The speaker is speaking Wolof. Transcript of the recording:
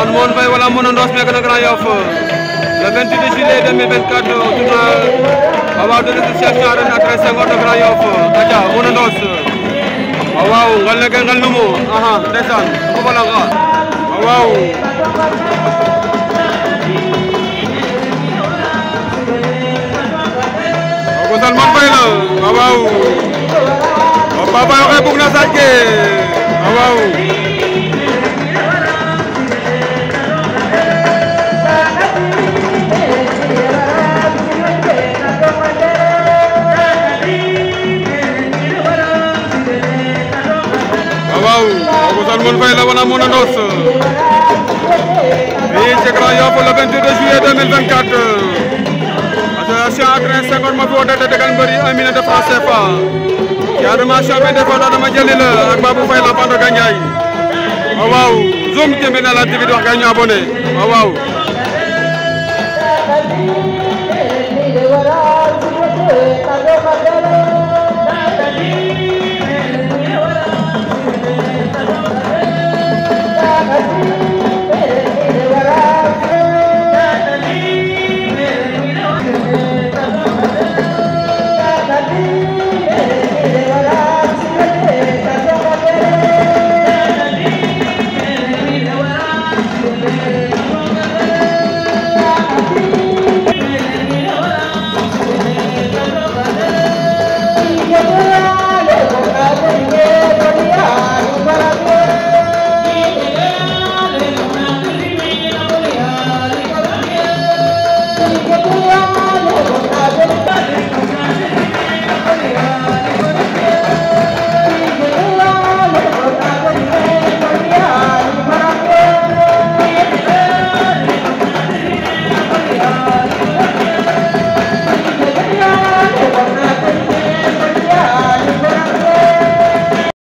dans le monde. Voilà mon endorsement avec le Grand Yoff. Le 28 juillet 2024, au tournoi avoir de l'association Arena Tresengor de Grand Yoff. Aja, mon endroit. Waouh, ngal na ngal Ah ah, desan. Ko bala nga. Waouh. Ko Salman Bay la. Waouh. Papa yo bugna sajke. Waouh. Salmon Faye la wala Mona Ndos fii ci Grand Yoff le 22 juillet 2024 association Adrien Senghor moo fi woote te tegal mbër yi un million de francs CFA animation bi defoon Adama Dialil ak Babou Faye la Bando Gandiaye waaw oh waaw Zoom na la TV di wax nga ñu Thank you.